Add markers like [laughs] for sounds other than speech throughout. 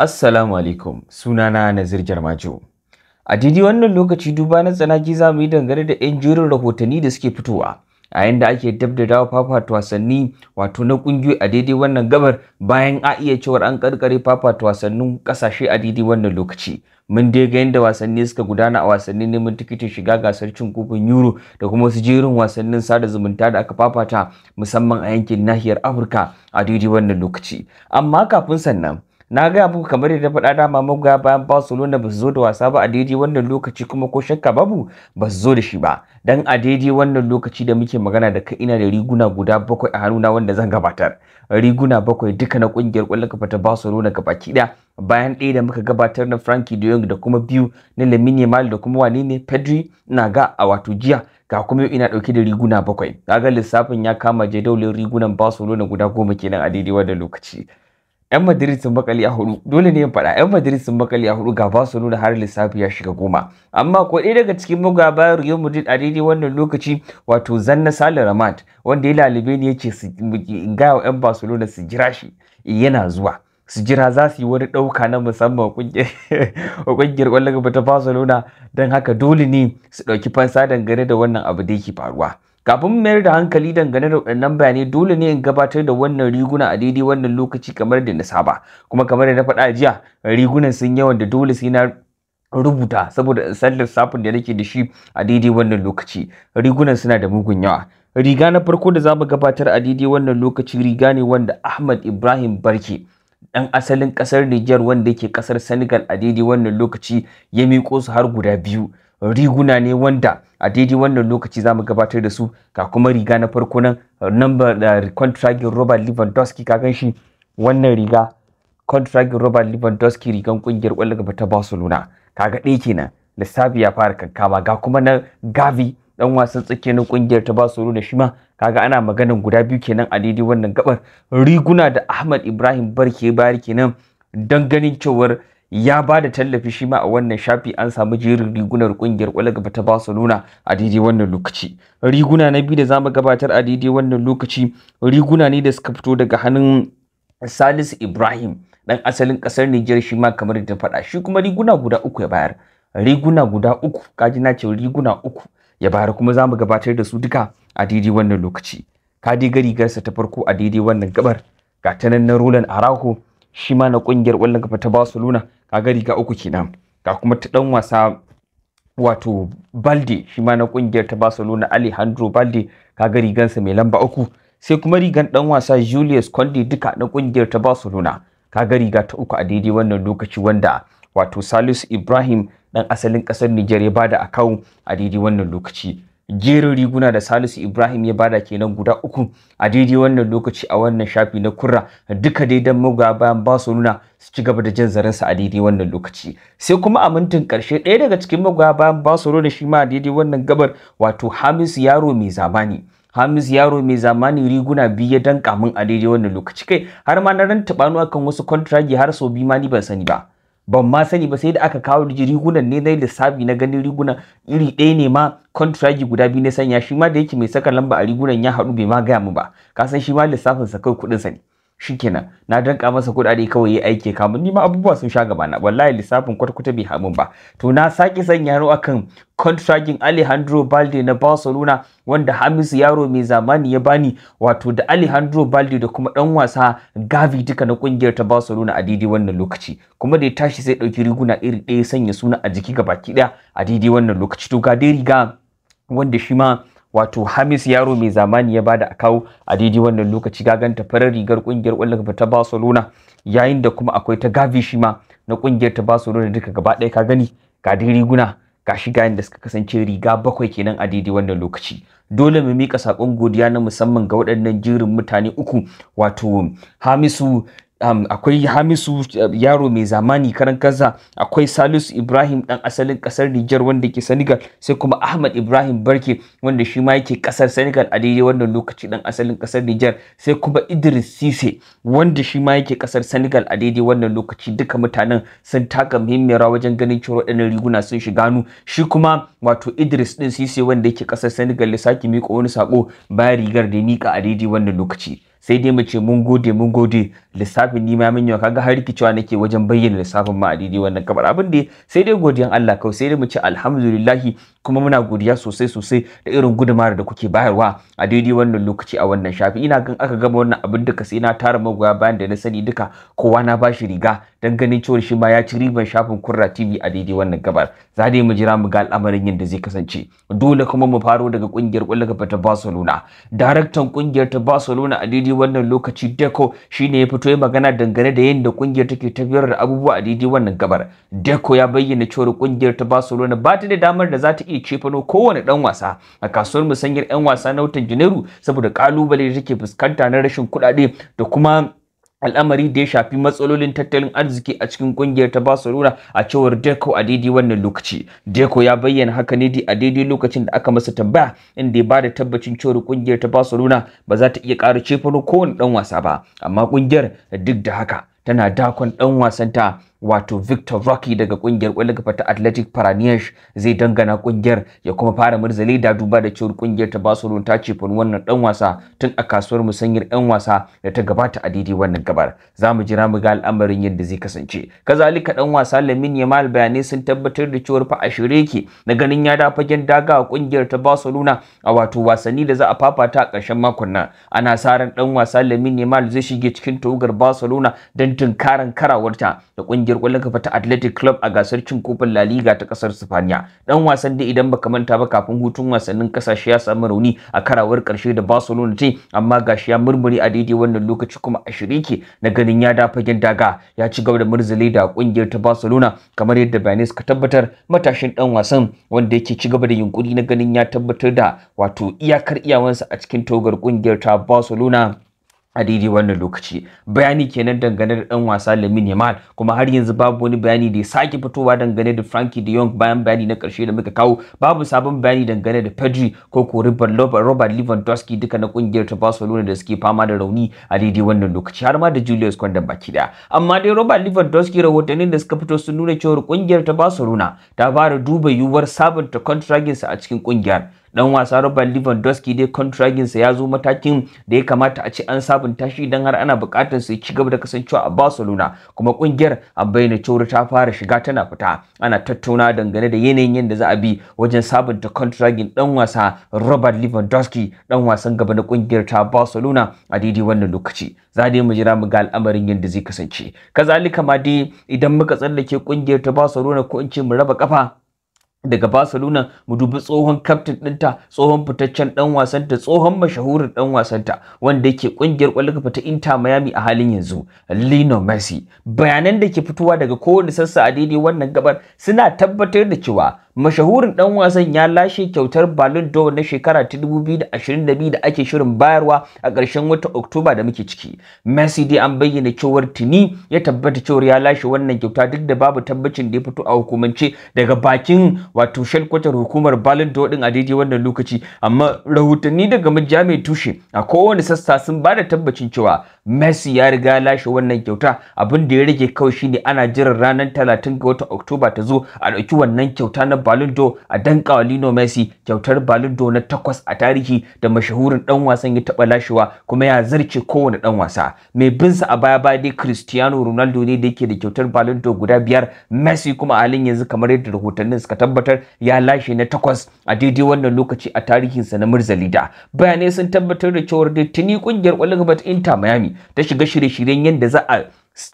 Assalamu alaikum sunana Nazir Jarmajo. A daidai wannan lokaci duba na tsanaki za mu yi dangane da 'yan jerin rahotanni da suke fitowa a yadda ake dab da dawo fafata wasanni wato na ƙungiyoyi a daidai wannan gabar bayan a iya cewar an ƙarƙare fafata wasannin ƙasashe a daidai wannan lokaci. mun dai ga yadda wasanni suka gudana a wasannin neman tikitin shiga gasar cin kofin euro da kuma wasu jerin wasannin sada zumunta da aka fafata musamman a yankin nahiyar afirka a daidai wannan lokaci amma kafin sannan na ga abu kamar yadda faɗa dama mabuga bayan Barcelona ba su zo da wasa ba a daidai wannan lokaci kuma ko shakka babu ba su zo da shi ba dan a daidai wannan lokaci da muke magana da kai ina da riguna guda bakwai a hannuna wanda zan gabatar riguna bakwai duka na kungiyar kwallon kafa ta Barcelona gaba da bayan ɗaya da muka gabatar na Frankie de Jong da kuma biyu na Lamine Yamal da kuma wane ne Pedri na ga a wato jiya ga kuma ina dauke da riguna bakwai kaga lissafin ya kama jadawalin rigunan Barcelona guda goma kenan a daidai wannan lokaci 'yan Madrid sun makali a hudu dole ne in faɗa 'yan Madrid sun makali a hudu ga Barcelona har lissafi ya shiga goma amma ko ɗaya daga cikin mugaba Real Madrid a daidai wannan lokaci wato Zanna Sale Ramat wanda ya lalube ne yace su ga 'yan Barcelona su jira shi eh, yana zuwa su jira za su yi wani ɗauka na musamman kungiyar [laughs] ƙungiyar ƙwallon gaba ta Barcelona don haka dole ne su ɗauki fansa dangane da wannan abu da yake faruwa kafin mayar da hankali dangane da waɗannan bayanai dole ne in gabatar da wannan riguna a daidai wannan lokaci kamar da na saba kuma kamar da na faɗa jiya rigunan sun yawan da dole sai na rubuta saboda in san lissafin da nake da shi a daidai wannan lokaci rigunan suna da mugun yawa riga na farko da za mu gabatar a daidai wannan lokaci riga ne wanda Ahmad Ibrahim Barke ɗan asalin ƙasar Niger wanda yake ƙasar Senegal a daidai wannan lokaci ya miƙo su har guda biyu riguna ne wanda a daidai wannan lokaci za mu gabatar da su ga kuma riga na farko nan uh, number da uh, contragin Robert Lewandowski ka gan shi wannan riga contragin Robert Lewandowski rigan kungiyar ƙwallon gaba ta Barcelona ga ɗaya kenan lissafi ya fara kankama ga kuma na Gavi dan wasan tsakiyar na kungiyar ta Barcelona shi ma kaga ana maganan guda biyu kenan a daidai wannan gabar riguna da Ahmad Ibrahim Barke bayar kenan don ganin cewar ya ba da tallafi shi ma a wannan shafi an samu jerin rigunar kungiyar kwallon gaba ta Barcelona a daidai wannan lokaci. Riguna na biyu da zamu gabatar a daidai wannan lokaci riguna ne da suka fito daga hannun Salisu Ibrahim dan asalin kasar Nijar shi ma kamar da faɗa shi kuma riguna guda uku ya bayar. Riguna guda uku kaji na ce riguna uku ya bayar kuma zamu gabatar da su duka a daidai wannan lokaci. Ka dai ga rigarsa ta farko a daidai wannan gabar ga ta nan na Roland Araujo shi ma na kungiyar kwallon gaba ta Barcelona kaga riga uku kenan ga kuma ta dan wasa wato balde shi ma na kungiyar ta barcelona alejandro balde kaga rigansa mai lamba uku sai kuma rigan dan wasa julius conde duka na kungiyar ta barcelona kaga riga ta uku a daidai wannan lokaci wanda wato salisu ibrahim dan asalin kasar niger ya bada akawun a daidai wannan lokaci jerin riguna da Salisu Ibrahim ya bada kenan guda uku a daidai wannan lokaci a wannan shafi na kurra duka daidan dan magoya bayan ba su nuna su ci gaba da jin zaren sa a daidai wannan lokaci sai kuma a mintin karshe ɗaya daga cikin magoya bayan ba su nuna shi ma a daidai wannan gabar wato Hamisu Yaro mai zamani Hamis Yaro mai zamani riguna biyu ya danka min a daidai wannan lokaci kai har ma na ran tabanu akan wasu kontragi har sau biyu ma ni ban sani ba ban ma sani ba sai da aka kawo rigunan ne na lissafi na ganin riguna iri ɗaya ne ma kontragi guda biyu na sanya shi ma da yake mai saka lamba a rigunan ya haɗu bai ma gaya mu ba kasan shima shi ma lissafin sa kai kuɗin ne shikenan na danka masa kudade kawai yayi aiki kamu ni ma abubuwa sun sha gaba na wallahi lissafin kwatkwata bai hamun ba to na saki sanya yaro akan contracting Alejandro Balde na Barcelona wanda Hamisu Yaro mai zamani ya bani wato da Alejandro Balde da kuma dan wasa Gavi duka na kungiyar ta Barcelona a daidai wannan lokaci kuma da ya tashi sai dauki riguna iri ɗaya sanya suna a jiki gabaki ɗaya a daidai wannan lokaci to ga dai riga wanda shi ma wato Hamis Yaro mai zamani ya bada kawo a daidai wannan lokaci gaganta farar rigar kungiyar kwallon ta Barcelona yayin da kuma akwai ta Gavi shi ma na kungiyar ta Barcelona duka gaba ɗaya ka gani ga dai riguna ga shi gayan da suka kasance riga bakwai kenan a daidai wannan lokaci dole mu mika sakon godiya na musamman ga waɗannan jirin mutane uku wato Hamisu um, akwai hamisu eh, yaro mai zamani karan kansa akwai salisu ibrahim dan asalin kasar Niger wanda ke senegal sai kuma ahmad ibrahim barke wanda shi ma yake kasar senegal a daidai wannan lokaci dan asalin kasar Niger. sai kuma idris sise wanda shi ma yake kasar senegal a daidai wannan lokaci duka mutanen sun taka muhimmiyar rawa wajen ganin cewa waɗannan riguna sun shiga nu shi kuma wato idris din sise wanda yake kasar senegal ya sake miƙo wani sako bayan rigar da ya miƙa a daidai wannan lokaci sai dai mu ce mun gode mun gode lissafin ni ma min yau kaga har rikicewa nake wajen bayyana lissafin ma a daidai wannan kabar abin da sai dai godiyan Allah kawai sai dai mu ce alhamdulillahi kuma muna godiya sosai sosai da irin gudumar da kuke bayarwa a daidai wannan lokaci a wannan shafi ina gan aka gama wannan abin duka sai na tara magoya bayan da na sani duka kowa na bashi riga don ganin cewar shi ma ya ci riban shafin kurra tv a daidai wannan gabar za dai mu jira mu ga al'amarin yadda zai kasance dole kuma mu faro daga kungiyar kwallon kafa ta barcelona daraktan kungiyar ta barcelona a daidai wannan lokaci deco shi ne ya fito ya magana dangane da yadda kungiyar take tafiyar da abubuwa a daidai wannan gabar deco ya bayyana cewar kungiyar ta barcelona ba ta da damar da za ta iya cefano kowane dan wasa a kasuwar musanyar yan wasa na watan janairu saboda kalubale da take fuskanta na rashin kuɗaɗe da kuma al'amari da ya shafi matsalolin tattalin arziki a cikin kungiyar ta Barcelona a cewar Deco a daidai wannan lokaci. Deco ya bayyana haka ne a daidai lokacin da aka masa tambaya inda ya bada tabbacin cewar kungiyar ta Barcelona ba za ta iya ƙara cefano kowane ɗan wasa ba, amma kungiyar duk da haka tana dakon ɗan wasanta wato Victor Rocky daga kungiyar kwallon kafa ta Athletic parania's zai dangana kungiyar ya kuma fara murzali da duba da cewar kungiyar ta Barcelona ta ce fun wannan dan wasa tun a kasuwar musanyar yan wasa da ta gabata a daidai wannan gabar za mu jira mu ga al'amarin yadda zai kasance kazalika dan wasa Lamine Yamal bayanai sun tabbatar da cewar fa a shirye yake na ganin ya dafa fagen daga a kungiyar ta Barcelona a wato wasanni da za a fafata a ƙarshen makon nan ana sa ran dan wasa Lamine Yamal zai shige cikin tawagar Barcelona don tunkaran karawarta da kungiyar kungiyar kwallon kafa ta Athletic Club a gasar cin kofin La Liga ta kasar Spaniya. Dan wasan da idan baka manta ba kafin hutun wasannin kasashe ya samu rauni a karawar karshe da Barcelona ce amma gashi ya murmuri a daidai wannan lokaci kuma a shirike na ganin ya da fagen daga ya ci gaba da murzule da kungiyar ta Barcelona kamar yadda bayanai ka tabbatar matashin dan wasan wanda yake ci gaba da yunkuri na ganin ya tabbatar da wato iyakar iyawansa a cikin togar kungiyar ta Barcelona. a daidai wannan lokaci bayani kenan dangane da ɗan wasa Lamin Yamal kuma har yanzu babu wani bayani da ya sake fitowa dangane da Frankie De Jong bayan bayani na ƙarshe da muka kawo babu sabon bayani dangane da Pedri ko ko Robert Lewandowski duka na ƙungiyar ta Barcelona da suke fama da rauni a daidai wannan lokaci har ma da Julius kwandon baki da amma dai Robert Lewandowski rahotannin da suka fito sun nuna cewa kungiyar ta Barcelona ta fara duba yiwuwar sabunta contract a cikin ƙungiyar. dan wasa Robert Lewandowski dai contragin sa ya zo matakin da ya kamata a ce an sabunta shi dan har ana bukatar su ci gaba da kasancewa a Barcelona kuma kungiyar a bayyana cewa ta fara shiga tana fita ana tattauna dangane da yanayin yadda za a bi wajen sabunta contragin dan wasa Robert Lewandowski dan wasan gaba na kungiyar ta Barcelona a daidai wannan lokaci za dai mu jira mu ga al'amarin yadda zai kasance kazalika ma dai idan muka tsallake kungiyar ta Barcelona ko in ce mu raba kafa daga Barcelona mu dubi tsohon captain ɗinta tsohon fitaccen ɗan wasanta tsohon mashahurin ɗan wasanta wanda yake ƙungiyar ƙwallon kafa ta Inter Miami a halin yanzu Lino Messi bayanan da ke fitowa daga kowane sassa a daidai wannan gabar suna tabbatar da cewa mashahurin ɗan wasan ya lashe kyautar Ballon d'Or na shekara ta 2022 da ake shirin bayarwa a ƙarshen watan Oktoba da muke ciki Messi dai an bayyana cewar tuni ya tabbata cewar ya lashe wannan kyauta duk da babu tabbacin da ya fito a hukumance daga bakin wato shan kwatar hukumar balin d'Or din a wannan lokaci amma rahotanni daga majami tushe a kowane sassa sun ba da tabbacin cewa Messi ya riga lashe wannan kyauta abin da ya rage kawai shine ana jiran ranar 30 ga watan Oktoba ta zo a dauki wannan kyauta na Ballon d'Or a danka wa Lionel Messi kyautar Ballon d'Or na takwas a tarihi da mashahurin dan wasan ya taɓa lashewa kuma ya zarce kowane dan wasa. Mai bin sa a baya baya dai Cristiano Ronaldo ne da yake da kyautar Ballon d'Or guda biyar Messi kuma a halin yanzu kamar yadda rahotannin suka tabbatar ya lashe na takwas a daidai wannan lokaci a tarihinsa na Murzalida. Bayanai sun tabbatar da cewa da tuni kungiyar Olympic Inter Miami ta shiga shirye-shiryen yadda za a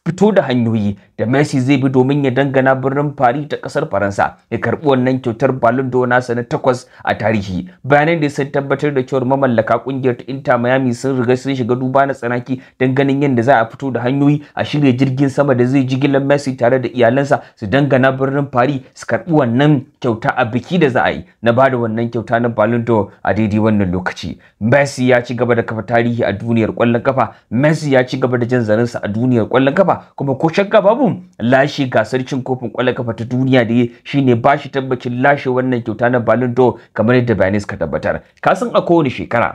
fito da hanyoyi da Messi zai bi domin ya dangana birnin Paris ta kasar Faransa ya karbi wannan kyautar Ballon d'Or nasa na takwas a tarihi. Bayanan da sun tabbatar da cewar mamallaka kungiyar ta Inter Miami sun riga sun shiga duba na tsanaki don ganin yadda za a fito da hanyoyi a shirya jirgin sama da zai jigilar Messi tare da iyalansa su dangana birnin Paris su karbi wannan kyauta a biki da za a yi na ba da wannan kyauta na Ballon d'Or a daidai wannan lokaci. Messi ya ci gaba da kafa tarihi a duniyar kwallon kafa. Messi ya ci gaba da jan zarinsa a duniyar kwallon kafa kuma ko shakka babu lashe gasar cin kofin kwallon ta duniya da shine ba shi tabbacin lashe wannan kyauta na Ballon d'Or kamar yadda bayanai suka tabbatar kasan a kowane shekara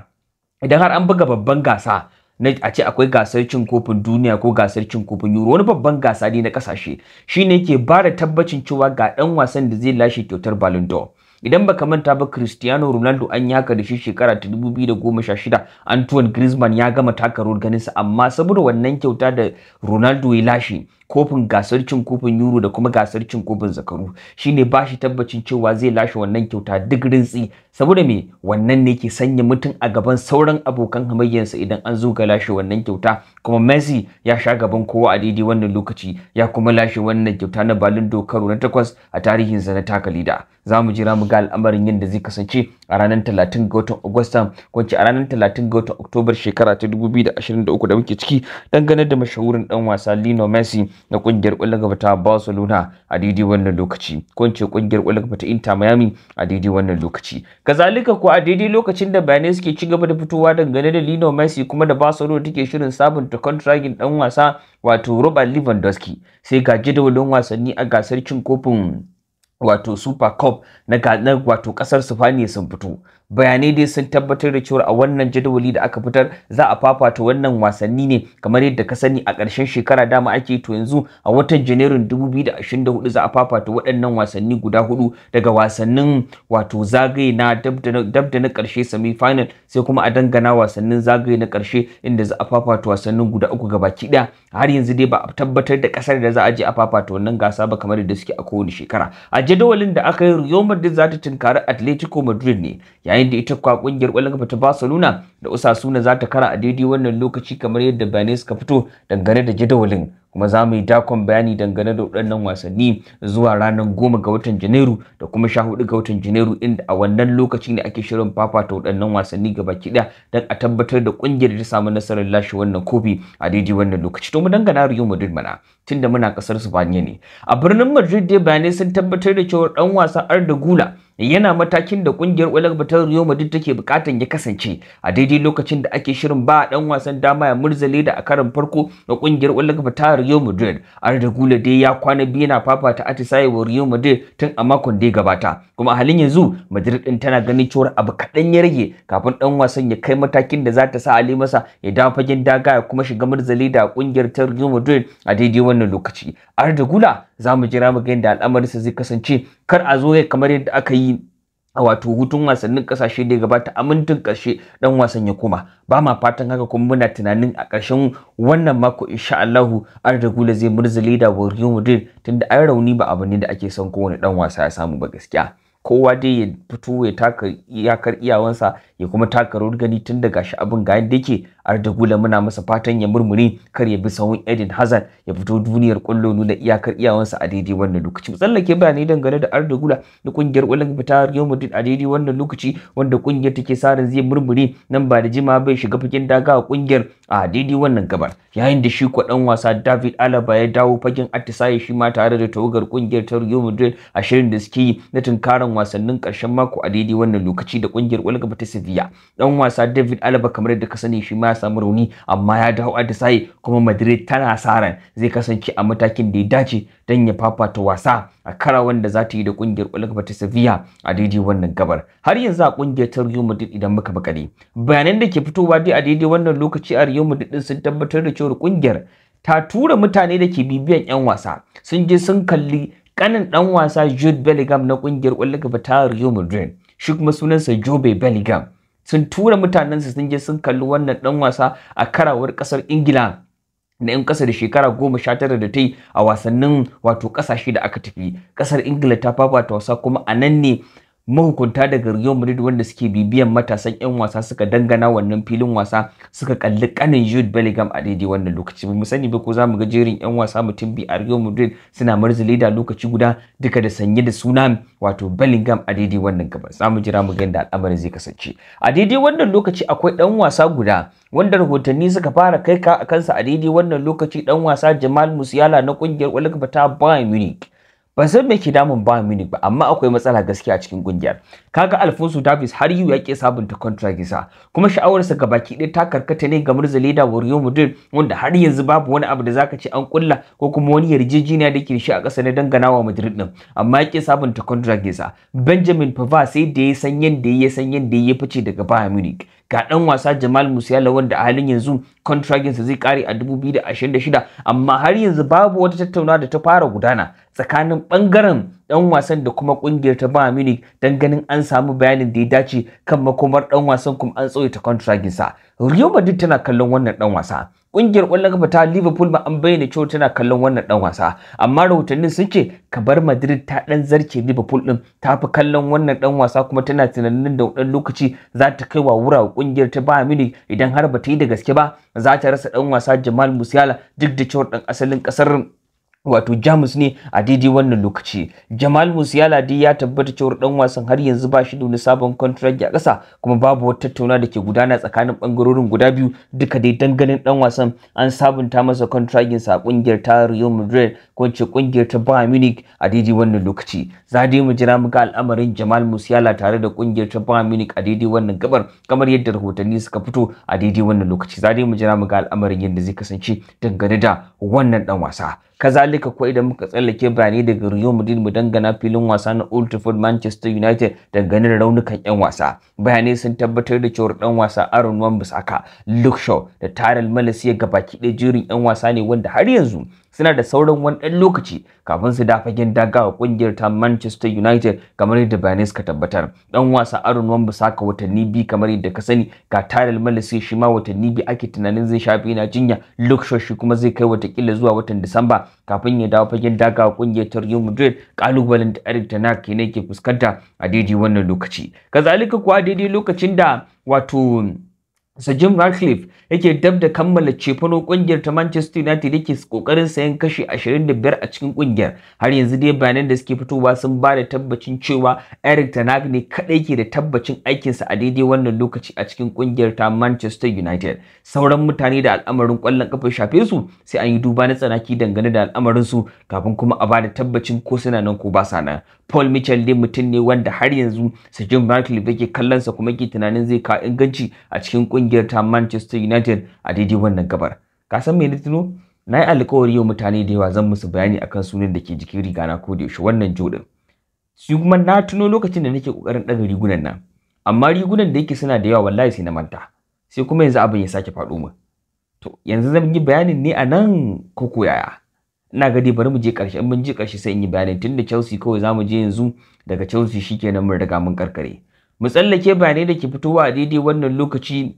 idan har an buga babban gasa na a ce akwai gasar cin kofin duniya ko gasar cin kofin yuro wani babban gasa ne na kasashe shine ke ba da tabbacin cewa ga dan wasan da zai lashe kyautar Ballon d'Or idan baka manta ba Cristiano Ronaldo an yi haka da shi shekara ta 2016 Antoine Griezmann ya gama taka rawar ganinsa amma saboda wannan kyauta da Ronaldo ya lashe kofin gasar cin kofin Yuro da kuma gasar cin kofin zakaru shine ba shi tabbacin cewa zai lashe wannan kyauta duk rintsi saboda me wannan ne ke sanya mutum a gaban sauran abokan hamayyarsa idan an zo ga lashe wannan kyauta kuma Messi ya sha gaban kowa a daidai wannan lokaci ya kuma lashe wannan kyauta na Ballon d'Or karo na takwas a tarihinsa na taka leda za mu jira mu ga al'amarin yadda zai kasance a ranar 30 ga watan Agusta ko a ranar 30 ga watan Oktobar shekara ta 2023 da muke ciki dangane da mashahurin dan wasa Lionel Messi na kungiyar kwallon gaba ta Barcelona a daidai wannan lokaci ko ince kungiyar kwallon gaba ta Inter Miami a daidai wannan lokaci kazalika ko a daidai lokacin da bayanai suke ci gaba da fitowa dangane da Lino Messi kuma da Barcelona take shirin sabunta contracting dan wasa wato Robert Lewandowski sai ga jadawalin wasanni a gasar cin kofin wato super cup na wato kasar sifaniya sun fito bayanai dai sun tabbatar da cewa a wannan jadawali da aka fitar za a fafata wannan wasanni ne kamar yadda ka sani a ƙarshen shekara dama ake to yanzu a watan janairun 2024 za a fafata waɗannan wasanni guda hudu daga wasannin wato zagaye na dab da na ƙarshe semi final sai kuma a dangana wasannin zagaye na ƙarshe inda za a fafata wasannin guda uku gabaki ɗaya har yanzu dai ba a tabbatar da ƙasar da za a je a fafata wannan gasa ba kamar yadda suke a kowane shekara a jadawalin da aka yi Real Madrid za ta tunkari Atletico Madrid ne yayin yayin da ita kwa kungiyar kwallon kafa ta Barcelona da Osasuna za ta kara a daidai wannan lokaci kamar yadda bayanai suka fito dangane da jadawalin kuma za mu yi dakon bayani dangane da waɗannan wasanni zuwa ranar goma ga watan janairu da kuma sha hudu ga watan janairu inda a wannan lokaci ne ake shirin fafata waɗannan wasanni gaba kiɗa don a tabbatar da ƙungiyar ta samu nasarar lashe wannan kofi a daidai wannan lokaci to mu dangana Real Madrid mana tunda muna ƙasar Spain ne a birnin Madrid dai bayanai sun tabbatar da cewa ɗan wasa Arda Gula yana matakin da ƙungiyar Olagba ta Real Madrid take bukatan ya kasance a daidai lokacin da ake shirin ba dan wasan dama ya murzale da a karin farko na kungiyar Olagba Real Madrid. An Regula dai ya kwana biyu yana fafata atisaye wa Real Madrid tun a makon da gabata. Kuma halin yanzu Madrid din tana ganin cewa abu kaɗan ya rage kafin ɗan wasan ya kai matakin da za ta sa Ali masa ya dawo fagen daga ya kuma shiga murzali da kungiyar ta Real Madrid a daidai wannan lokaci. An gula za mu jira mu ga yadda al'amarin su zai kasance kar a zo kamar yadda aka yi A wato hutun wasannin kasashe da gabata a mintin karshe dan wasan ya koma ba ma fatan haka kuma muna tunanin a karshen wannan mako insha Allahu ragula zai murzule da Real Madrid tunda ai rauni ba abu ne da ake son kowane dan wasa ya samu ba gaskiya kowa dai ya fito ya taka iyakar iyawansa ya kuma taka rawar gani tun da gashi abin ga yadda yake Ardagula muna masa fatan ya murmuri kar ya bi sawun Edin Hazard ya fito duniyar kwallo nuna iyakar iyawansa a daidai wannan lokaci tsallake bayanai dangane da Ardagula da kungiyar kwallon fita Real Madrid a daidai wannan lokaci wanda kungiyar take sarin zai murmuri nan ba da jima bai shiga fagen daga a kungiyar a daidai wannan gabar yayin da shi kwa dan wasa David Alaba ya dawo fagen atisaye shi ma tare da tawagar kungiyar ta Real Madrid a shirin da suke yi na tunkaran wasannin karshen mako a daidai wannan lokaci da kungiyar fita Sevilla dan wasa David Alaba kamar yadda ka sani shi ma ya samu rauni amma ya dawo Adesanya kuma Madrid tana saran zai kasance a matakin da ya dace dan ya fafata wasa a kara wanda za ta yi da kungiyar Olga ta Sevilla a daidai wannan gabar har yanzu a kungiyar ta Real Madrid idan muka bakare bayanan da ke fitowa dai a daidai wannan lokaci a Real Madrid din sun tabbatar da cewa kungiyar ta tura mutane da ke bibiyan 'yan wasa sun je sun kalli kanin dan wasa Jude Bellingham na kungiyar kwallo gaba ta Real Madrid shi kuma sunansa Jobe Bellingham sun tura mutanen su sun je sun kalli wannan dan wasa a karawar kasar ingila na 'yan kasa da shekara goma sha tara da ta yi a wasannin wato kasashe da aka tafi kasar ingila ta fafata wasa kuma anan ne mahukunta daga Real Madrid wanda suke bibiyan matasan 'yan wasa suka dangana wannan filin wasa suka kalli kanin Jude Bellingham a daidai wannan lokaci mu sani ba ko za mu ga jerin 'yan wasa mutum bi a Real Madrid suna marzali da lokaci guda duka da sanye da suna wato Bellingham a daidai wannan gabar za mu jira mu ga yadda al'amarin zai kasance a daidai wannan lokaci akwai ɗan wasa guda wanda rahotanni suka fara kai ka a kansa a daidai wannan lokaci ɗan wasa Jamal Musiala na kungiyar Olympique Bayern Munich ban san me ke damun Bayern Munich ba amma akwai matsala gaskiya a cikin kungiyar kaga Alfonso Davies har yau yake sabunta contract gisa kuma sha'awarsa ga baki ɗaya ta karkata ne ga Murzale leda Real Madrid wanda har yanzu babu wani abu da zaka ce an kulla ko kuma wani yarjejeniya da ke shi a ƙasa na wa Madrid din amma yake sabunta contract gisa Benjamin Pavard sai da ya san yanda ya san yanda ya fice daga Bayern Munich ga ɗan wasa Jamal Musiala wanda a halin yanzu contractinsa zai kare a 2026 amma har yanzu babu wata tattaunawa da ta fara gudana tsakanin bangaren dan wasan da kuma kungiyar ta Bayern Munich dan ganin an samu bayanin da ya dace kan makomar ɗan wasan kuma an tsoye ta sa Real Madrid tana kallon wannan ɗan wasa Ƙungiyar ƙwallon kafa ta Liverpool ba an bayyana cewa tana kallon wannan ɗan wasa, amma rahotannin sun ce kabar Madrid ta ɗan zarce Liverpool ɗin ta fi kallon wannan ɗan wasa kuma tana tunanin da ɗan lokaci za ta kai wa wura ƙungiyar ta ba mini idan har ba ta yi da gaske ba za ta rasa ɗan wasa Jamal Musiala duk da cewa ɗan asalin ƙasar wato Jamus ne a daidai wannan lokaci. Jamal Musiala dai ya tabbata cewar dan wasan har yanzu ba shi da wani sabon contract a ƙasa kuma babu wata tattauna da ke gudana tsakanin bangarorin guda biyu duka dai danganin dan wasan an sabunta masa contract sa kungiyar ta Real Madrid ko ce kungiyar ta Bayern Munich a daidai wannan lokaci za dai mu jira muka al'amarin Jamal Musiala tare da kungiyar ta Bayern Munich a daidai wannan gabar kamar yadda rahotanni suka fito a daidai wannan lokaci za dai mu jira muka al'amarin yadda zai kasance dangane da wannan dan wasa kazalika ko idan muka tsallake bayanai daga Rio Madrid mu dangana filin wasa na Old Trafford Manchester United dangane da raunukan 'yan wasa bayanai sun tabbatar da cewar dan wasa Aaron Wan-Bissaka Luke Shaw da Tyrell malasiya ga gabaki ɗaya jerin 'yan wasa ne wanda har yanzu suna da sauran wani ɗan lokaci kafin su fagen daga wa ƙungiyar ta Manchester United kamar yadda bayanai suka tabbatar. Dan wasa Aaron Wan-Bissaka watanni biyu kamar yadda ka sani ga Tyrell Malissi shi ma watanni biyu ake tunanin zai shafe yana jinya Luke Shaw shi kuma zai kai watakila zuwa watan Disamba kafin ya dawo fagen daga wa ƙungiyar ta Real Madrid ƙalubalen da Eric Ten Hag ne ke fuskanta a daidai wannan lokaci. Kazalika kuwa daidai lokacin da wato Sir Jim Ratcliffe yake dab da kammala cefano kungiyar ta Manchester United yake kokarin sayan kashi 25 a cikin kungiyar. Har yanzu dai bayanan da suke fitowa sun ba da tabbacin cewa Eric Ten Hag ne kadai ke da tabbacin aikinsa a daidai wannan lokaci a cikin kungiyar ta Manchester United. Sauran mutane da al'amarin kwallon kafa shafe su sai an yi duba na tsanaki dangane da al'amarin su kafin kuma a ba da tabbacin ko suna nan ko ba sa nan. Paul Mitchell dai mutum ne wanda har yanzu Sir Jim Ratcliffe yake kallon sa kuma yake tunanin zai kawo inganci a cikin kungiyar ta Manchester United a daidai wannan gabar. Ka san me tuno? Na yi alƙawari yau mutane da yawa zan musu bayani akan sunan da ke jikin riga na ko da yaushe wannan jodin. Su kuma na tuno lokacin da nake kokarin ɗaga rigunan nan. Amma rigunan da yake suna da yawa wallahi sai na manta. Sai kuma yanzu abin ya sake faɗo mu. To yanzu zan yi bayanin ne a nan ko ko yaya? Ina ga dai bari mu je ƙarshe in mun je ƙarshe sai in yi bayanin tun da Chelsea kawai za mu je yanzu daga Chelsea shikenan mun riga mun karkare. mu tsallake bayanai da ke fitowa a daidai wannan lokaci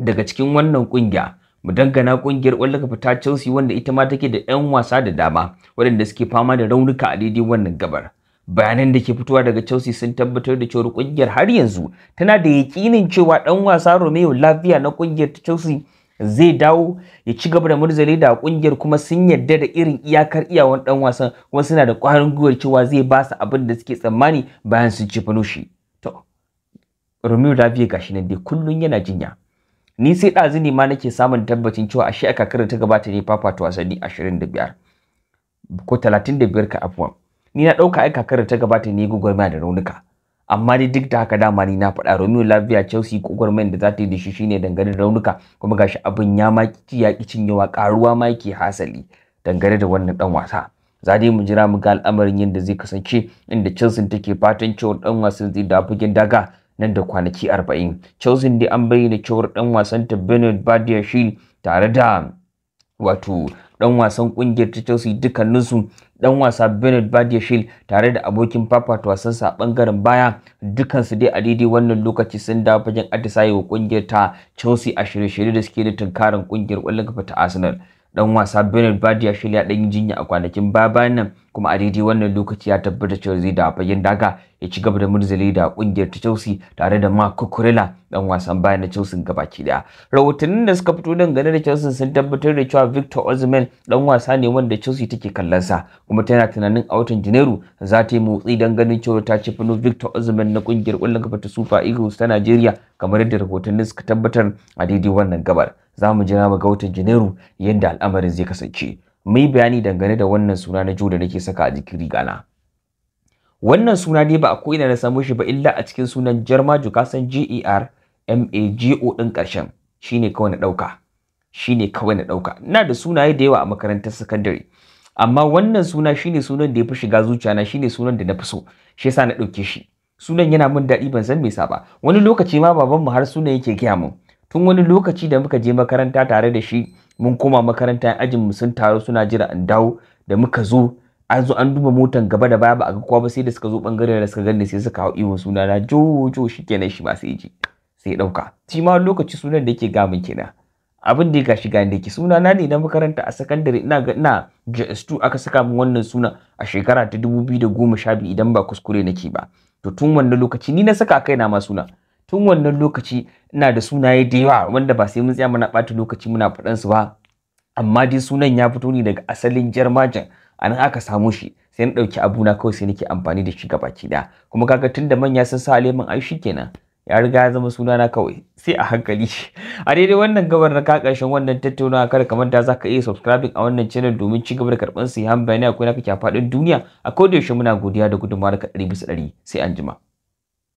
daga cikin wannan kungiya mu dangana kungiyar kwallon fita ta Chelsea wanda ita ma take da 'yan wasa da dama waɗanda suke fama da raunuka a daidai wannan gabar. Bayanan da ke fitowa daga Chelsea sun tabbatar da cewa kungiyar har yanzu tana da yakinin cewa ɗan wasa Romeo Lavia na kungiyar ta Chelsea zai dawo ya ci gaba da murzali da kungiyar kuma sun yarda da irin iyakar iyawan ɗan wasan kuma suna da ƙwarin gwiwar cewa zai ba su abin da suke tsammani bayan sun ci shi. To, Romeo Lavia gashi nan dai kullum yana jinya. ni sai ɗazini ma nake samun tabbacin cewa ashe a kakar ta gabata ne fafata wasanni 25 ko 35 ka afuwan ni na ɗauka aika kakar ta gabata ne mai da raunuka amma dai duk da haka da, ma ni na faɗa Romeo Lavia Chelsea gwagwarmayar da za ta yi da shi shine dangane da raunuka kuma gashi abin ya ma ya ki cinyewa karuwa ma yake hasali dangane da wannan dan wasa za dai mu jira mu ga al'amarin yadda zai kasance inda Chelsea take fatan cewa dan wasan zai da bugin daga nan da kwanaki 40 chelsea dai an bayyana cewar dan wasan ta bernard badiashil tare da wato dan wasan kungiyar ta chelsea dukkaninsu dan wasa Benoit badiashil tare da abokin fafata wasansa a bangaren baya dukansu dai a daidai wannan lokaci sun dawo fagen atisaye wa kungiyar ta chelsea a shirye-shirye da suke da tunkarin kungiyar kwallon kafa ta arsenal dan wasa Bernard Badi ya shirya dan jinya a kwanakin baba nan kuma a daidai wannan lokaci ya tabbata cewa zai da fagen daga ya ci gaba da murzali da kungiyar ta Chelsea tare da Marco Cucurella dan wasan baya na Chelsea ki daya rahotannin da suka fito dangane da Chelsea sun tabbatar da cewa Victor Osimhen dan wasa ne wanda Chelsea take kallon sa kuma tana tunanin a watan Janairu za ta yi motsi dan ganin cewa ta ci fino Victor Osimhen na kungiyar kwallon kafa ta Super Eagles ta Najeriya kamar yadda rahotannin suka tabbatar a daidai wannan gabar za mu jira mu ga watan janairu yadda al'amarin zai kasance mai bayani dangane da wannan suna na da nake saka a jikin rigana wannan suna ne ba a ko'ina na samu shi ba illa a cikin sunan jarma kasan ger mago din karshen shine kawai na dauka shine kawai na dauka ina da sunaye da yawa a makarantar sakandare amma wannan suna shine sunan da ya fi shiga zuciyana na shine sunan da na fi so shi yasa na ɗauke shi sunan yana min daɗi ban san me sa ba wani lokaci ma babanmu har sunan yake gaya mun tun wani lokaci da muka je makaranta tare da shi mun koma makaranta ajin mu sun taru suna jira in dawo da muka zo an zo an duba motan gaba da baya ba a ga kowa ba sai da suka zo bangaren da suka gani sai suka hau iwon suna na jojo shi kenan shi ba sai ji sai dauka shi ma lokaci sunan da yake gamin kenan abin da ya gashi ga inda yake suna na ne na makaranta a sakandare ina ga ina JS2 aka saka min wannan suna a shekara ta biyu idan ba kuskure nake ba to tun wannan lokaci ni na saka kaina ma suna tun wannan lokaci ina da sunaye da yawa wanda ba sai mun tsaya muna ɓata lokaci muna faɗan su ba amma dai sunan ya fito ne daga asalin jarmajin a nan aka samu shi sai na ɗauki abuna kawai sai nake amfani da shi ki ɗaya kuma kaga tun da manya sun sa aleman ai shi kenan ya riga ya zama sunana kawai sai a hankali [laughs] a daidai wannan gabar na kakashin wannan tattaunawa kada ka manta za ka iya subscribing a wannan channel domin ci gaba da karɓar siyan bayanai akwai na kake a faɗin duniya a kodayaushe muna godiya da gudunmawar ka ɗari bisa ɗari sai anjima.